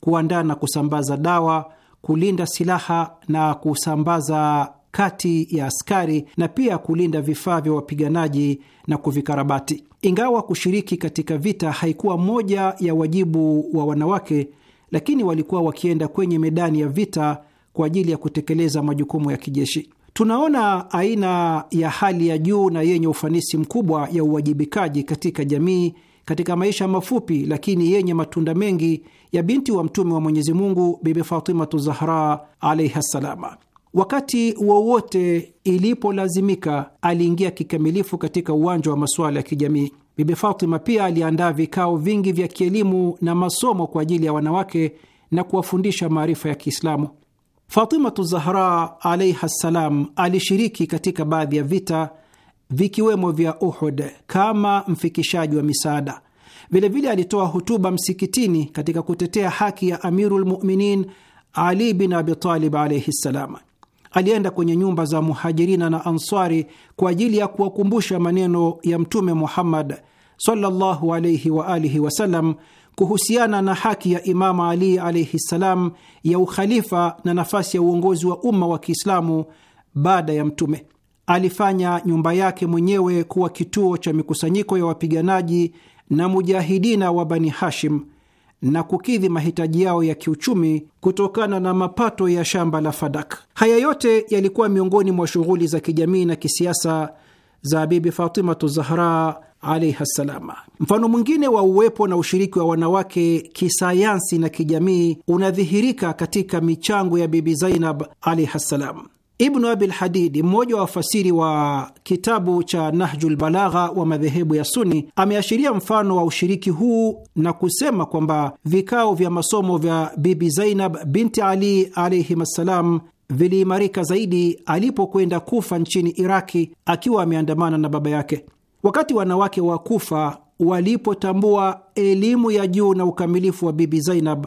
kuandaa na kusambaza dawa, kulinda silaha na kusambaza kati ya askari na pia kulinda vifaa vya wapiganaji na kuvikarabati. Ingawa kushiriki katika vita haikuwa moja ya wajibu wa wanawake, lakini walikuwa wakienda kwenye medani ya vita kwa ajili ya kutekeleza majukumu ya kijeshi. Tunaona aina ya hali ya juu na yenye ufanisi mkubwa ya uwajibikaji katika jamii katika maisha mafupi lakini yenye matunda mengi ya binti wa mtume wa Mwenyezi Mungu Bibi Fatimatu Zahra alaihi ssalama. Wakati wowote ilipolazimika, aliingia kikamilifu katika uwanja wa masuala ya kijamii. Bibi Fatima pia aliandaa vikao vingi vya kielimu na masomo kwa ajili ya wanawake na kuwafundisha maarifa ya Kiislamu. Fatimatu Zahra alaiha ssalam alishiriki katika baadhi ya vita, vikiwemo vya Uhud, kama mfikishaji wa misaada Vilevile alitoa hutuba msikitini katika kutetea haki ya Amirul Muminin Ali bin Abitalib alaihi ssalam. Alienda kwenye nyumba za Muhajirina na ansari kwa ajili ya kuwakumbusha maneno ya Mtume Muhammad sallallahu alaihi waalihi wasallam kuhusiana na haki ya Imamu Ali alaihi ssalam ya ukhalifa na nafasi ya uongozi wa umma wa Kiislamu baada ya Mtume. Alifanya nyumba yake mwenyewe kuwa kituo cha mikusanyiko ya wapiganaji na mujahidina wa Bani Hashim na kukidhi mahitaji yao ya kiuchumi kutokana na mapato ya shamba la Fadak. Haya yote yalikuwa miongoni mwa shughuli za kijamii na kisiasa za Bibi Fatimatu Zahra alaihi ssalama. Mfano mwingine wa uwepo na ushiriki wa wanawake kisayansi na kijamii unadhihirika katika michango ya Bibi Zainab alaihi ssalam. Ibnu Abil Hadidi, mmoja wa wafasiri wa kitabu cha Nahjul Balagha wa madhehebu ya Suni, ameashiria mfano wa ushiriki huu na kusema kwamba vikao vya masomo vya Bibi Zainab binti Ali alaihim assalam viliimarika zaidi alipokwenda Kufa nchini Iraki akiwa ameandamana na baba yake. Wakati wanawake wa Kufa walipotambua elimu ya juu na ukamilifu wa Bibi Zainab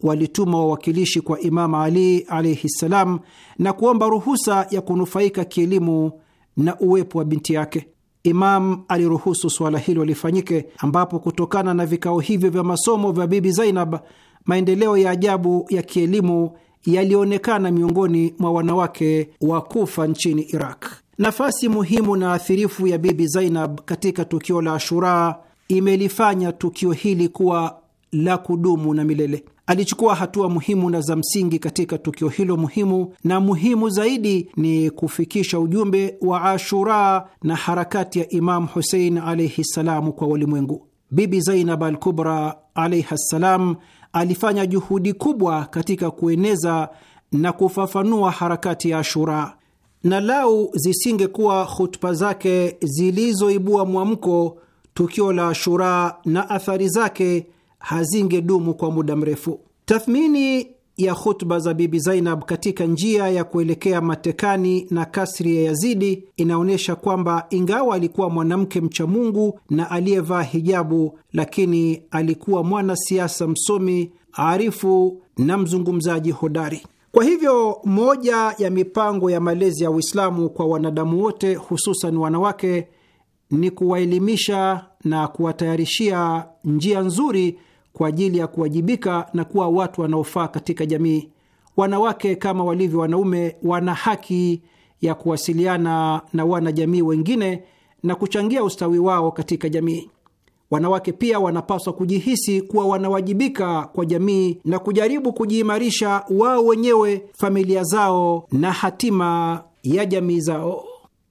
walituma wawakilishi kwa Imamu Ali alaihi ssalam na kuomba ruhusa ya kunufaika kielimu na uwepo wa binti yake. Imam aliruhusu suala hilo lifanyike, ambapo kutokana na vikao hivyo vya masomo vya Bibi Zainab, maendeleo ya ajabu ya kielimu yalionekana miongoni mwa wanawake wa Kufa nchini Iraq. Nafasi muhimu na athirifu ya Bibi Zainab katika tukio la Ashura imelifanya tukio hili kuwa la kudumu na milele alichukua hatua muhimu na za msingi katika tukio hilo muhimu, na muhimu zaidi ni kufikisha ujumbe wa Ashura na harakati ya Imamu Husein alaihi ssalamu kwa walimwengu. Bibi Zainab al Kubra alaihi ssalam alifanya juhudi kubwa katika kueneza na kufafanua harakati ya Ashura, na lau zisingekuwa hutuba zake zilizoibua mwamko, tukio la Ashura na athari zake hazingedumu kwa muda mrefu. Tathmini ya hutuba za Bibi Zainab katika njia ya kuelekea matekani na kasri ya Yazidi inaonyesha kwamba ingawa alikuwa mwanamke mcha Mungu na aliyevaa hijabu, lakini alikuwa mwanasiasa msomi, arifu na mzungumzaji hodari. Kwa hivyo moja ya mipango ya malezi ya Uislamu kwa wanadamu wote, hususan wanawake, ni kuwaelimisha na kuwatayarishia njia nzuri kwa ajili ya kuwajibika na kuwa watu wanaofaa katika jamii. Wanawake kama walivyo wanaume, wana haki ya kuwasiliana na wanajamii wengine na kuchangia ustawi wao katika jamii. Wanawake pia wanapaswa kujihisi kuwa wanawajibika kwa jamii na kujaribu kujiimarisha wao wenyewe, familia zao na hatima ya jamii zao.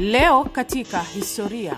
Leo katika historia.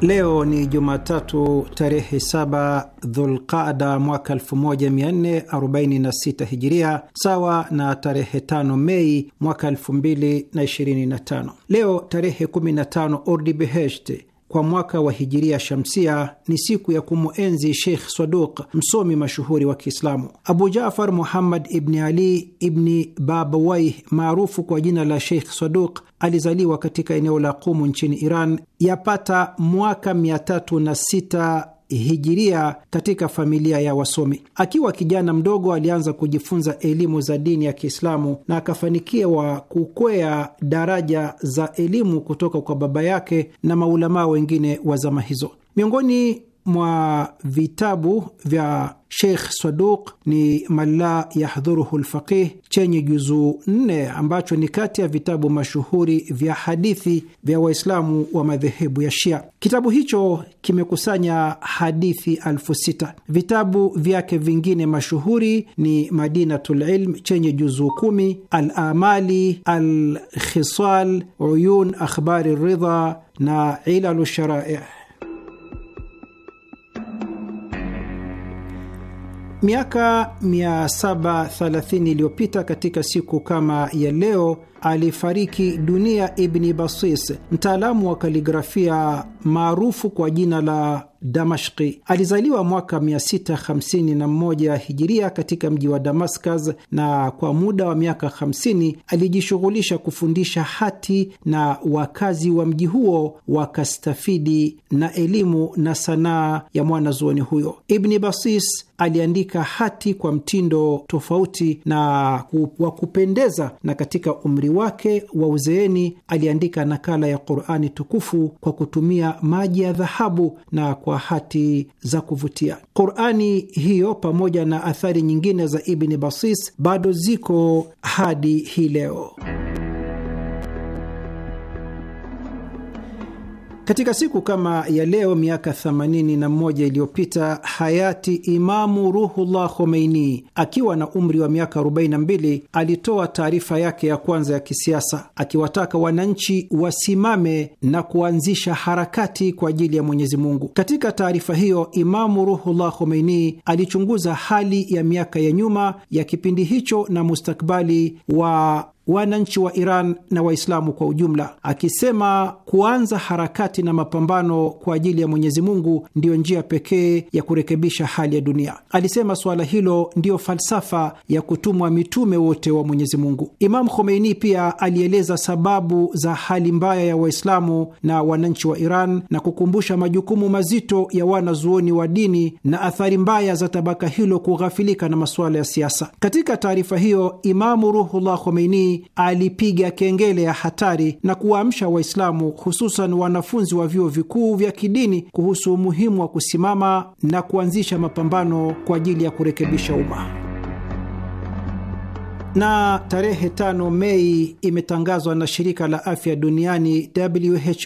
Leo ni Jumatatu tarehe 7 Dhulqada mwaka 1446 Hijiria, sawa na tarehe 5 Mei mwaka 2025. Leo tarehe 15 Ordibehesht kwa mwaka wa hijiria shamsia ni siku ya kumuenzi Sheikh Saduq, msomi mashuhuri wa Kiislamu. Abu Jafar Muhammad ibni Ali ibni babawai maarufu kwa jina la Sheikh Saduq alizaliwa katika eneo la Qumu nchini Iran yapata mwaka 306 hijiria katika familia ya wasomi. Akiwa kijana mdogo, alianza kujifunza elimu za dini ya Kiislamu na akafanikiwa kukwea daraja za elimu kutoka kwa baba yake na maulamaa wengine wa zama hizo. Miongoni mwa vitabu vya Sheikh Saduq ni Malla Yahdhuruhu Lfaqih chenye juzuu nne ambacho ni kati ya vitabu mashuhuri vya hadithi vya Waislamu wa madhehebu ya Shia. Kitabu hicho kimekusanya hadithi alfu sita. Vitabu vyake vingine mashuhuri ni Madinatu Lilm chenye juzuu kumi, Alamali, Alkhisal, Uyun akhbari Ridha na Ilalu Sharai. Miaka 730 iliyopita katika siku kama ya leo alifariki dunia Ibni Basis, mtaalamu wa kaligrafia maarufu kwa jina la Damashki. Alizaliwa mwaka 651 hijiria katika mji wa Damascus, na kwa muda wa miaka 50 alijishughulisha kufundisha hati na wakazi wa mji huo wakastafidi na elimu na sanaa ya mwanazuoni huyo. Ibni Basis aliandika hati kwa mtindo tofauti na wa kupendeza, na katika umri wake wa uzeeni aliandika nakala ya Qurani tukufu kwa kutumia maji ya dhahabu na kwa kwa hati za kuvutia. Qurani hiyo pamoja na athari nyingine za Ibni Basis bado ziko hadi hii leo. Katika siku kama ya leo miaka 81 iliyopita hayati Imamu Ruhullah Khomeini akiwa na umri wa miaka 42 alitoa taarifa yake ya kwanza ya kisiasa akiwataka wananchi wasimame na kuanzisha harakati kwa ajili ya Mwenyezi Mungu. Katika taarifa hiyo, Imamu Ruhullah Khomeini alichunguza hali ya miaka ya nyuma ya kipindi hicho na mustakbali wa wananchi wa Iran na Waislamu kwa ujumla, akisema kuanza harakati na mapambano kwa ajili ya Mwenyezi Mungu ndiyo njia pekee ya kurekebisha hali ya dunia. Alisema suala hilo ndiyo falsafa ya kutumwa mitume wote wa Mwenyezi Mungu. Imam Khomeini pia alieleza sababu za hali mbaya ya Waislamu na wananchi wa Iran na kukumbusha majukumu mazito ya wanazuoni wa dini na athari mbaya za tabaka hilo kughafilika na masuala ya siasa. Katika taarifa hiyo, Imamu Ruhullah Khomeini alipiga kengele ya hatari na kuwaamsha Waislamu, hususan wanafunzi wa vyuo vikuu vya kidini kuhusu umuhimu wa kusimama na kuanzisha mapambano kwa ajili ya kurekebisha umma. Na tarehe tano Mei imetangazwa na shirika la afya duniani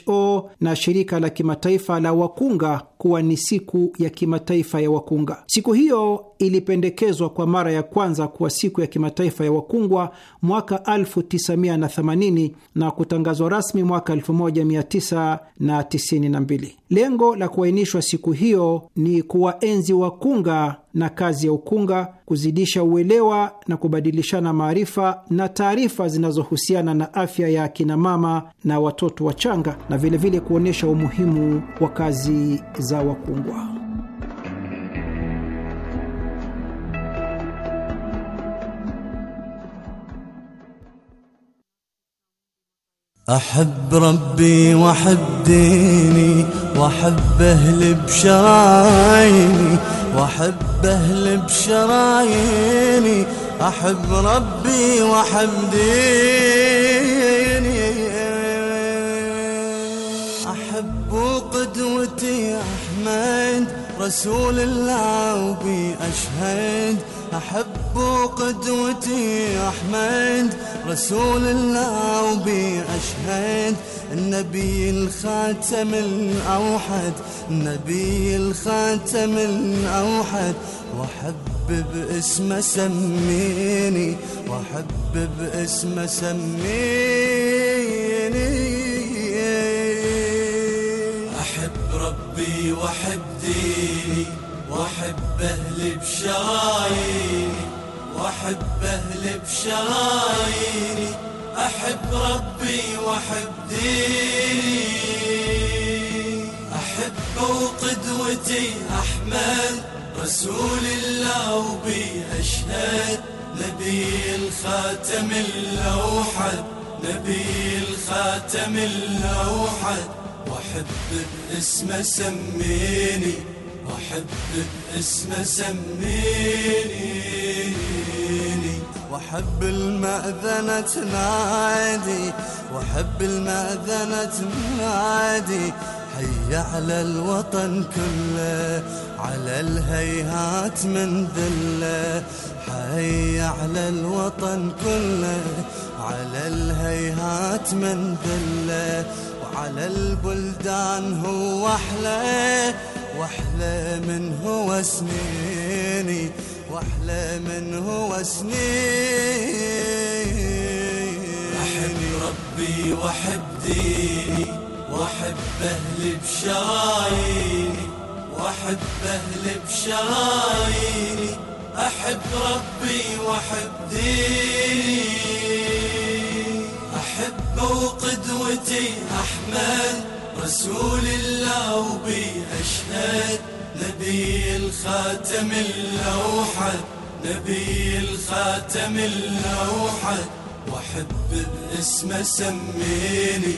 WHO na shirika la kimataifa la wakunga kuwa ni siku ya kimataifa ya wakunga. Siku hiyo ilipendekezwa kwa mara ya kwanza kuwa siku ya kimataifa ya wakungwa mwaka 1980 na kutangazwa rasmi mwaka 1992. Lengo la kuainishwa siku hiyo ni kuwaenzi wakunga na kazi ya ukunga kuzidisha uelewa na kubadilishana maarifa na taarifa zinazohusiana na afya ya akina mama na watoto wachanga na vilevile kuonyesha umuhimu wa kazi za wakungwa. أحب ربي وأحب ديني وأحب أهلي بشرايني وأحب أهلي بشرايني أحب ربي وأحب ديني أحب قدوتي أحمد رسول الله وبي أشهد أحب قدوتي أحمد رسول الله أشهد النبي الخاتم الأوحد النبي الخاتم الأوحد وأحب باسمه سميني وأحب باسمه سميني أحب ربي وأحب ديني واحب اهلي بشراييني واحب اهلي بشراييني احب ربي واحب ديني احبه وقدوتي احمد رسول الله وبي اشهد نبي الخاتم الاوحد نبي الخاتم الاوحد واحب باسمه سميني واحب باسم سميني واحب المأذنة تنادي واحب المأذنة تنادي حي على الوطن كله على الهيهات من ذله حي على الوطن كله على الهيهات من ذله وعلى البلدان هو احلى واحلى من هو سنيني واحلى من هو سنيني احب ربي واحب ديني واحب اهلي بشراييني واحب اهلي بشراييني احب ربي واحب ديني احب وقدوتي احمد رسول الله اشهد نبي الخاتم الأوحد نبي الخاتم الأوحد وأحب باسمه سميني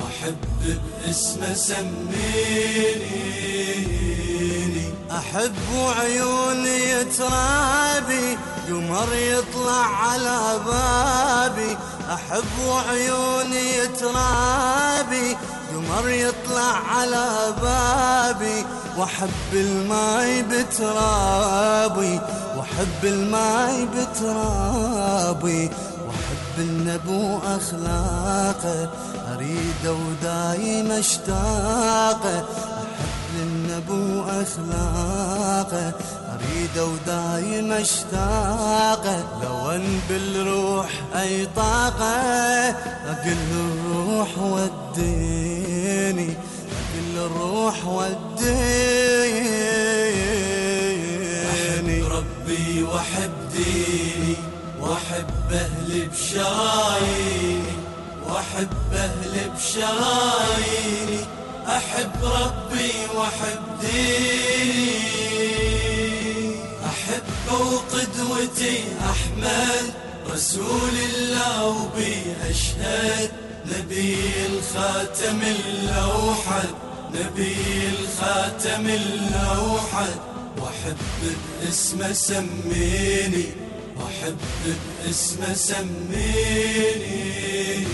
وأحب باسمه سميني أحب عيوني ترابي قمر يطلع على بابي أحب وعيوني ترابي قمر يطلع على بابي وأحب الماي بترابي وأحب الماي بترابي وأحب النبو أخلاقه أريده ودايم أشتاقه أحب النبو أخلاقه وحده ودايم اشتاقه لو ان بالروح اي طاقه اقل الروح وديني اقل الروح وديني احب ربي واحب ديني واحب اهلي بشراييني واحب اهلي بشراييني احب ربي واحب ديني وقدوتي قدوتي أحمد رسول الله وبي أشهد نبي الخاتم الأوحد نبي الخاتم الأوحد وأحب باسمه سميني وأحب باسمه سميني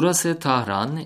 Burası Tahran